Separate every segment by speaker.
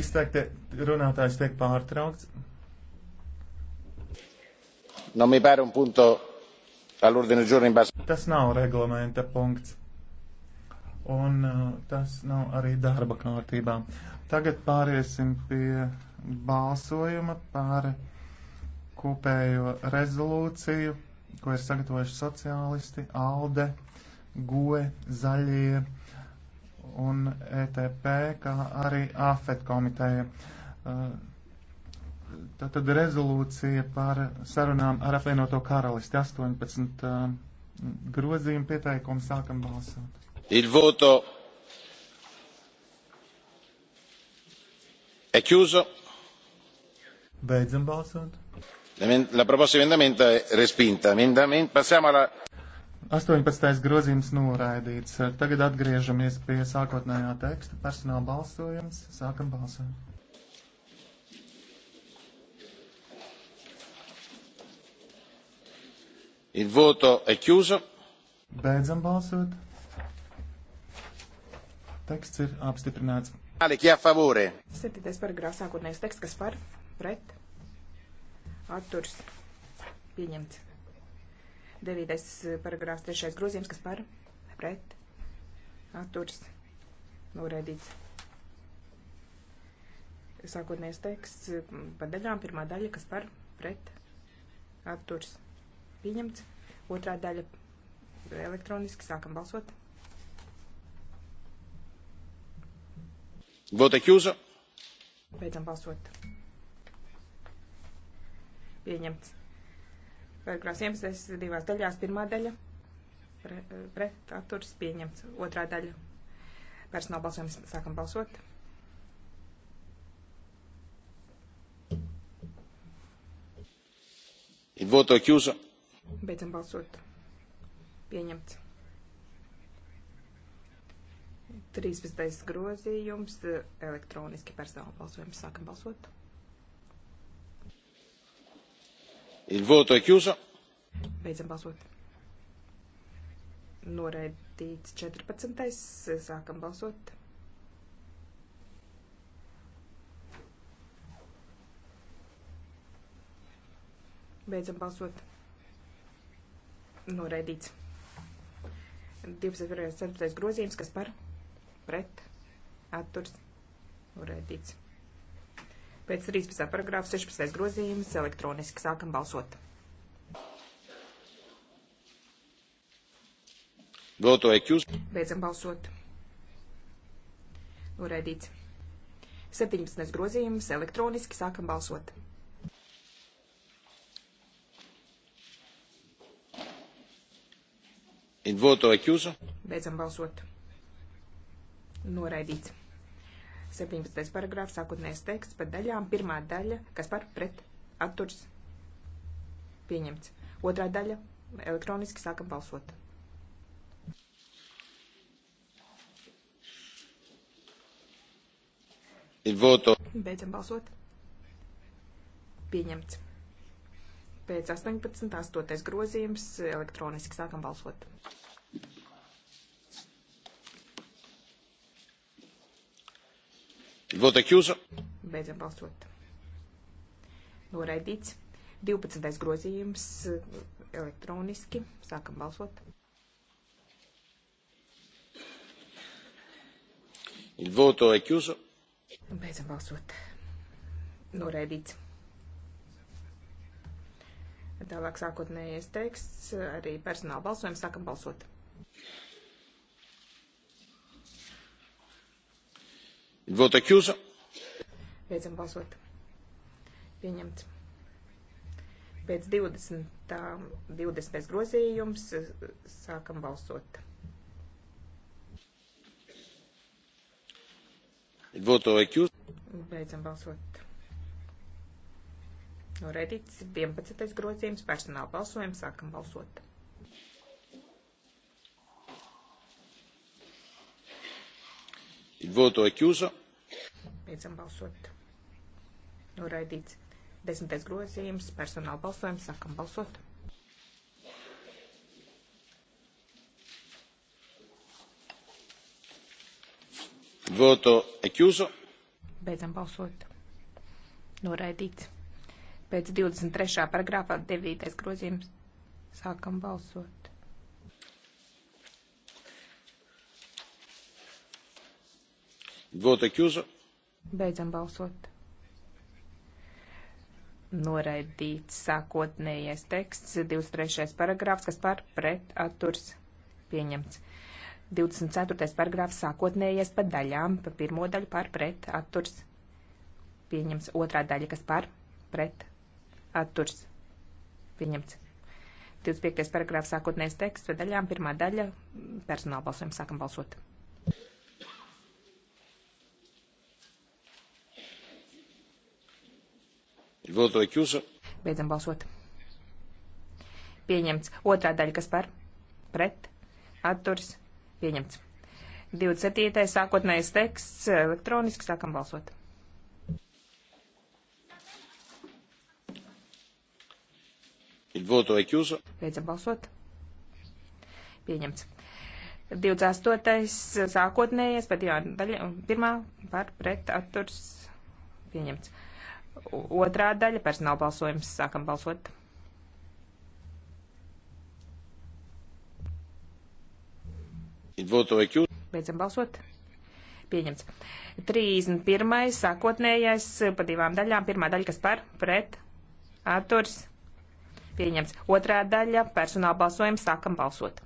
Speaker 1: Izteikti runātājs tiek pārtraukts.
Speaker 2: Non mi pare un punto all'ordine del giorno in base. Tas nav reglamenta punkts. Un uh, tas nav arī darba kārtībā. Tagad pāriesim pie balsojuma par kopējo rezolūciju, ko ir sagatavojuši sociālisti, ALDE, GOE, Zaļie un ETP, kā arī AFET komiteja. Uh, Tātad rezolūcija par sarunām ar apvienoto karalisti 18 uh, grozījumu pieteikumu sākam balsot. Il voto è chiuso. Beidzam balsot. La proposta di emendamento è respinta. Passiamo alla 18. grozījums noraidīts. Tagad atgriežamies pie sākotnējā teksta. Personāla balsojums.
Speaker 1: Sākam balsot.
Speaker 2: Il voto è chiuso.
Speaker 1: Beidzam balsot. Teksts ir apstiprināts. Aliki a favore. 7. paragrāfs sākotnējais teksts, kas par pret atturs pieņemts. Devītais eh, paragrāfs, trešais grozījums, kas par pret atturs noraidīts. Sākotnējais teksts eh, par daļām, pirmā daļa, kas par pret atturs pieņemts. Otrā daļa elektroniski sākam balsot. Vota ķūza. Beidzam balsot. Pieņemts. Paragrāfs 11. divās daļās. Pirmā daļa pre, pret atturs pieņemts. Otrā daļa personāla balsojums. Sākam balsot.
Speaker 2: Il voto è chiuso.
Speaker 1: Beidzam balsot. Pieņemts. 13. grozījums eh, elektroniski personāla balsojums. Sākam balsot.
Speaker 2: Il voto è chiuso.
Speaker 1: Beidzam balsot. Noraidīts 14. Sākam balsot. Beidzam balsot. Noraidīts. 24. grozījums, kas par pret atturs noraidīts. Pēc 13. paragrāfa 16. grozījums elektroniski sākam balsot. Votojot jūs. Beidzam balsot. Noraidīts. 17. grozījums elektroniski sākam balsot.
Speaker 2: Il voto è chiuso.
Speaker 1: Beidzam balsot. Noraidīts. 17. paragrāfs, sākotnējais teksts par daļām. Pirmā daļa, kas par pret atturs pieņemts. Otrā daļa, elektroniski sākam balsot. Il voto. Beidzam balsot. Pieņemts. Pēc 18. 8. grozījums elektroniski sākam balsot.
Speaker 2: Il voto è chiuso.
Speaker 1: Beidzam balsot. Noraidīts. 12. grozījums eh, elektroniski. Sākam balsot.
Speaker 2: Il voto è chiuso.
Speaker 1: Beidzam balsot. Noraidīts. Tālāk sākotnējais teksts, arī personāla balsojums, sākam balsot.
Speaker 2: Il voto è chiuso.
Speaker 1: Beidzam balsot. Pieņemts. Pēc 20. 20. grozījums sākam balsot.
Speaker 2: Il voto è chiuso.
Speaker 1: Beidzam balsot. Noraidīts 11. grozījums personāla balsojums. Sākam balsot.
Speaker 2: Il voto è chiuso.
Speaker 1: Beidzam balsot. Noraidīts. Desmitais grozījums, personāla balsojums, sākam balsot.
Speaker 2: Il voto è chiuso.
Speaker 1: Beidzam balsot. Noraidīts. Pēc 23. paragrāfā 9. grozījums sākam balsot. Voto chiuso. Beidzam balsot. Noraidīts sākotnējais teksts, 23. paragrāfs, kas par pret atturs pieņemts. 24. paragrāfs sākotnējais pa daļām, pa pirmo daļu par pret atturs pieņemts. Otrā daļa, kas par pret atturs pieņemts. 25. paragrāfs sākotnējais teksts pa daļām, pirmā daļa personāla balsojuma sākam balsot.
Speaker 2: Voto ir chiuso.
Speaker 1: Beidzam balsot. Pieņemts. Otrā daļa, kas par? Pret. Atturs. Pieņemts. 27. sākotnējais teksts elektroniski sākam balsot.
Speaker 2: Il voto è chiuso.
Speaker 1: Beidzam balsot. Pieņemts. 28. sākotnējais, bet jā, daļa, pirmā par pret atturs pieņemts. Otrā daļa - personāla balsojums. Sākam balsot.
Speaker 2: Beidzam
Speaker 1: balsot. Pieņemts. 31. sākotnējais pa divām daļām. Pirmā daļa, kas par, pret, atturs. Pieņemts. Otrā daļa - personāla balsojums. Sākam balsot.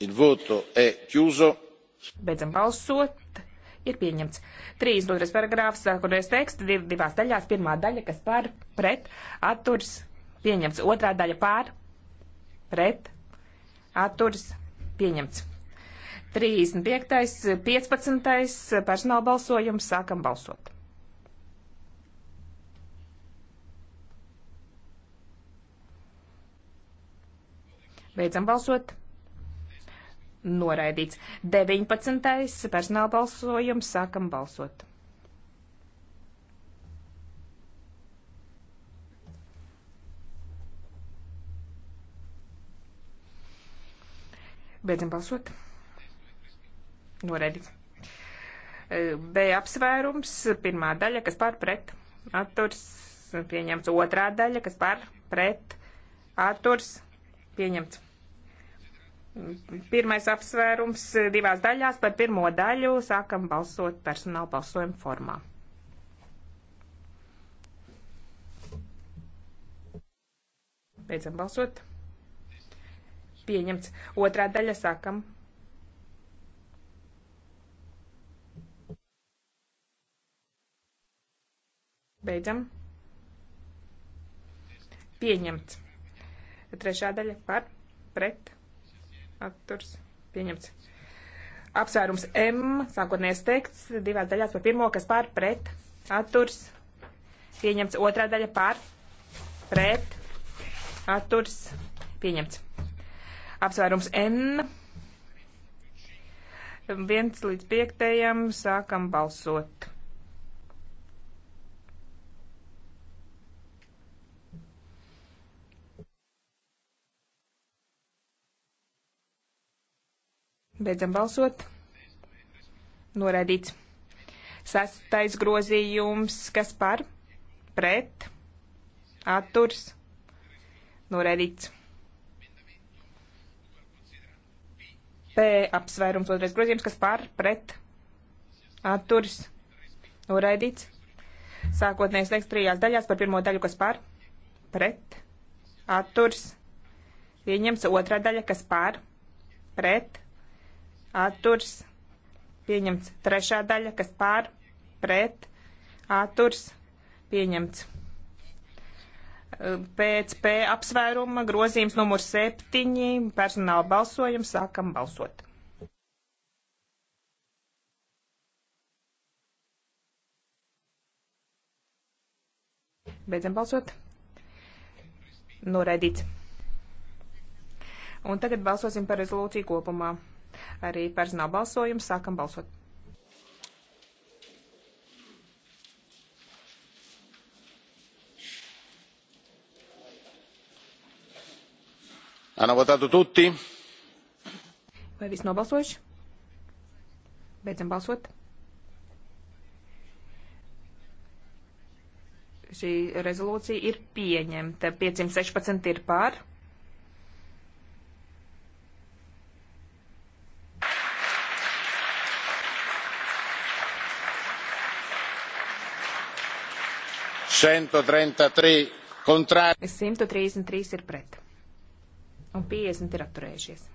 Speaker 2: Il voto è chiuso
Speaker 1: Beidzam balsot. Ir pieņemts. 32. paragrāfs, sākotnējais teksts, div, divās daļās. Pirmā daļa, kas par, pret, atturs, pieņemts. Otrā daļa pār, pret, atturs, pieņemts. 35. 15. personāla balsojums, sākam balsot. Beidzam balsot noraidīts. 19. personāla balsojums, sākam balsot. Beidzam balsot. Noraidīts. E, B apsvērums, pirmā daļa, kas pār pret atturs, pieņemts otrā daļa, kas pār pret atturs, pieņemts Pirmais apsvērums divās daļās par pirmo daļu sākam balsot personāla balsojuma formā. Beidzam balsot. Pieņemts. Otrā daļa sākam. Beidzam. Pieņemts. Trešā daļa par pret atturs pieņemts. Apsvērums M, sākotnējais teksts, divās daļās par pirmo, kas pār pret atturs pieņemts. Otrā daļa pār pret atturs pieņemts. Apsvērums N. 1 līdz 5. sākam balsot. Beidzam balsot. Noraidīts. Sastais grozījums, kas par? Pret. Atturs. Noraidīts. P apsvērums otrais grozījums, kas par? Pret. Atturs. Noraidīts. Sākotnējais liekas trijās daļās par pirmo daļu, kas par? Pret. Atturs. Pieņems otrā daļa, kas par? Pret atturs, pieņemts. Trešā daļa, kas pār, pret, atturs, pieņemts. Pēc P apsvēruma grozījums numur 7 personāla balsojums sākam balsot. Beidzam balsot. Noraidīts. Un tagad balsosim par rezolūciju kopumā arī personāla balsojumu. Sākam balsot.
Speaker 2: Hanno votato tutti?
Speaker 1: Vai viss nobalsojuši? Beidzam balsot. Šī rezolūcija ir pieņemta. 516 ir pār.
Speaker 2: 133
Speaker 1: kontrāri. 133 ir pret. Un 50 ir atturējušies.